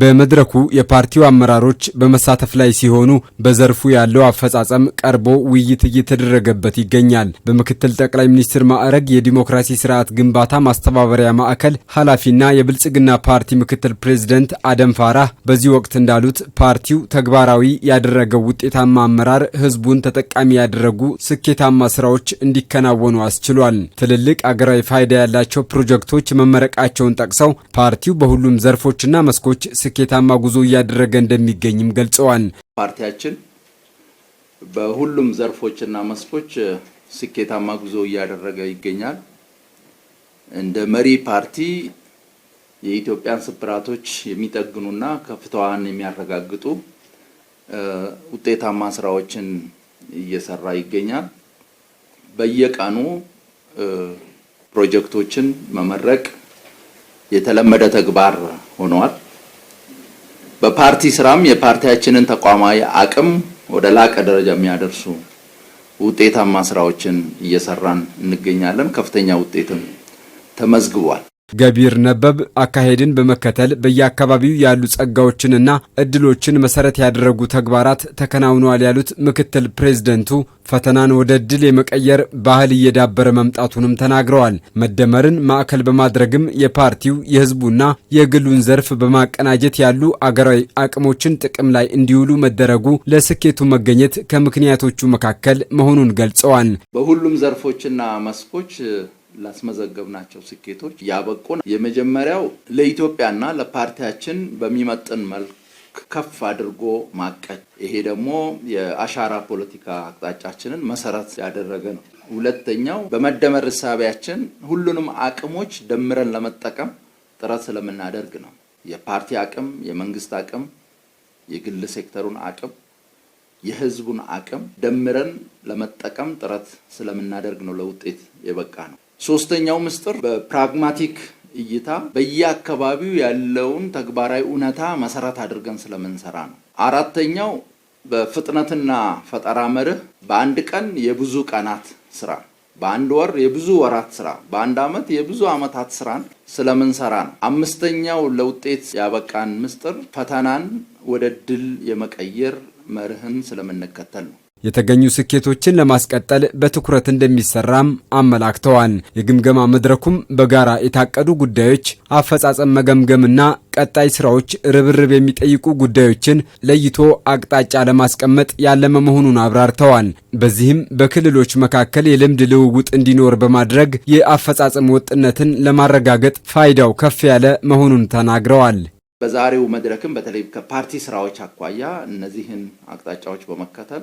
በመድረኩ የፓርቲው አመራሮች በመሳተፍ ላይ ሲሆኑ በዘርፉ ያለው አፈጻጸም ቀርቦ ውይይት እየተደረገበት ይገኛል። በምክትል ጠቅላይ ሚኒስትር ማዕረግ የዲሞክራሲ ስርዓት ግንባታ ማስተባበሪያ ማዕከል ኃላፊና የብልጽግና ፓርቲ ምክትል ፕሬዚደንት አደም ፋራህ በዚህ ወቅት እንዳሉት ፓርቲው ተግባራዊ ያደረገው ውጤታማ አመራር ህዝቡን ተጠቃሚ ያደረጉ ስኬታማ ስራዎች እንዲከናወኑ አስችሏል። ትልልቅ አገራዊ ፋይዳ ያላቸው ፕሮጀክቶች መመረቃቸውን ጠቅሰው ፓርቲው በሁሉም ዘርፎችና መስኮች ስኬታማ ጉዞ እያደረገ እንደሚገኝም ገልጸዋል። ፓርቲያችን በሁሉም ዘርፎችና መስኮች ስኬታማ ጉዞ እያደረገ ይገኛል። እንደ መሪ ፓርቲ የኢትዮጵያን ስብራቶች የሚጠግኑና ከፍታዋን የሚያረጋግጡ ውጤታማ ስራዎችን እየሰራ ይገኛል። በየቀኑ ፕሮጀክቶችን መመረቅ የተለመደ ተግባር ሆኗል። በፓርቲ ስራም የፓርቲያችንን ተቋማዊ አቅም ወደ ላቀ ደረጃ የሚያደርሱ ውጤታማ ስራዎችን እየሰራን እንገኛለን። ከፍተኛ ውጤትም ተመዝግቧል። ገቢር ነበብ አካሄድን በመከተል በየአካባቢው ያሉ ጸጋዎችንና እድሎችን መሰረት ያደረጉ ተግባራት ተከናውነዋል ያሉት ምክትል ፕሬዝደንቱ ፈተናን ወደ እድል የመቀየር ባህል እየዳበረ መምጣቱንም ተናግረዋል። መደመርን ማዕከል በማድረግም የፓርቲው የህዝቡና የግሉን ዘርፍ በማቀናጀት ያሉ አገራዊ አቅሞችን ጥቅም ላይ እንዲውሉ መደረጉ ለስኬቱ መገኘት ከምክንያቶቹ መካከል መሆኑን ገልጸዋል። በሁሉም ዘርፎችና መስኮች ላስመዘገብናቸው ስኬቶች ያበቁን የመጀመሪያው ለኢትዮጵያና ለፓርቲያችን በሚመጥን መልክ ከፍ አድርጎ ማቀድ፣ ይሄ ደግሞ የአሻራ ፖለቲካ አቅጣጫችንን መሰረት ያደረገ ነው። ሁለተኛው በመደመር እሳቢያችን ሁሉንም አቅሞች ደምረን ለመጠቀም ጥረት ስለምናደርግ ነው። የፓርቲ አቅም፣ የመንግስት አቅም፣ የግል ሴክተሩን አቅም፣ የህዝቡን አቅም ደምረን ለመጠቀም ጥረት ስለምናደርግ ነው ለውጤት የበቃ ነው። ሶስተኛው ምስጢር በፕራግማቲክ እይታ በየአካባቢው ያለውን ተግባራዊ እውነታ መሰረት አድርገን ስለምንሰራ ነው። አራተኛው በፍጥነትና ፈጠራ መርህ በአንድ ቀን የብዙ ቀናት ስራ፣ በአንድ ወር የብዙ ወራት ስራ፣ በአንድ ዓመት የብዙ ዓመታት ስራን ስለምንሰራ ነው። አምስተኛው ለውጤት ያበቃን ምስጢር ፈተናን ወደ ድል የመቀየር መርህን ስለምንከተል ነው። የተገኙ ስኬቶችን ለማስቀጠል በትኩረት እንደሚሰራም አመላክተዋል። የግምገማ መድረኩም በጋራ የታቀዱ ጉዳዮች አፈጻጸም መገምገምና ቀጣይ ስራዎች ርብርብ የሚጠይቁ ጉዳዮችን ለይቶ አቅጣጫ ለማስቀመጥ ያለመ መሆኑን አብራርተዋል። በዚህም በክልሎች መካከል የልምድ ልውውጥ እንዲኖር በማድረግ የአፈጻጸም ወጥነትን ለማረጋገጥ ፋይዳው ከፍ ያለ መሆኑን ተናግረዋል። በዛሬው መድረክም በተለይ ከፓርቲ ስራዎች አኳያ እነዚህን አቅጣጫዎች በመከተል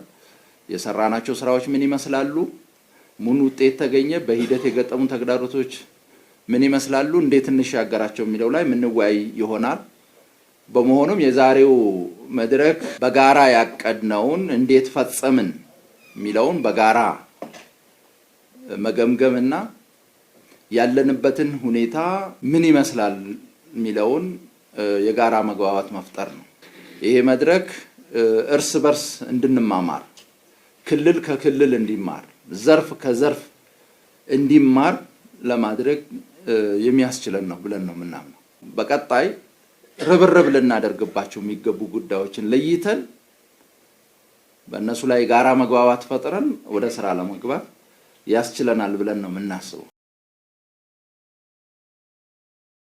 የሰራናቸው ስራዎች ምን ይመስላሉ? ምን ውጤት ተገኘ? በሂደት የገጠሙ ተግዳሮቶች ምን ይመስላሉ? እንዴት እንሻገራቸው የሚለው ላይ የምንወያይ ይሆናል። በመሆኑም የዛሬው መድረክ በጋራ ያቀድነውን እንዴት ፈጸምን የሚለውን በጋራ መገምገምና ያለንበትን ሁኔታ ምን ይመስላል የሚለውን የጋራ መግባባት መፍጠር ነው። ይሄ መድረክ እርስ በርስ እንድንማማር ክልል ከክልል እንዲማር፣ ዘርፍ ከዘርፍ እንዲማር ለማድረግ የሚያስችለን ነው ብለን ነው የምናምነው። በቀጣይ ርብርብ ልናደርግባቸው የሚገቡ ጉዳዮችን ለይተን በእነሱ ላይ ጋራ መግባባት ፈጥረን ወደ ስራ ለመግባት ያስችለናል ብለን ነው የምናስበው።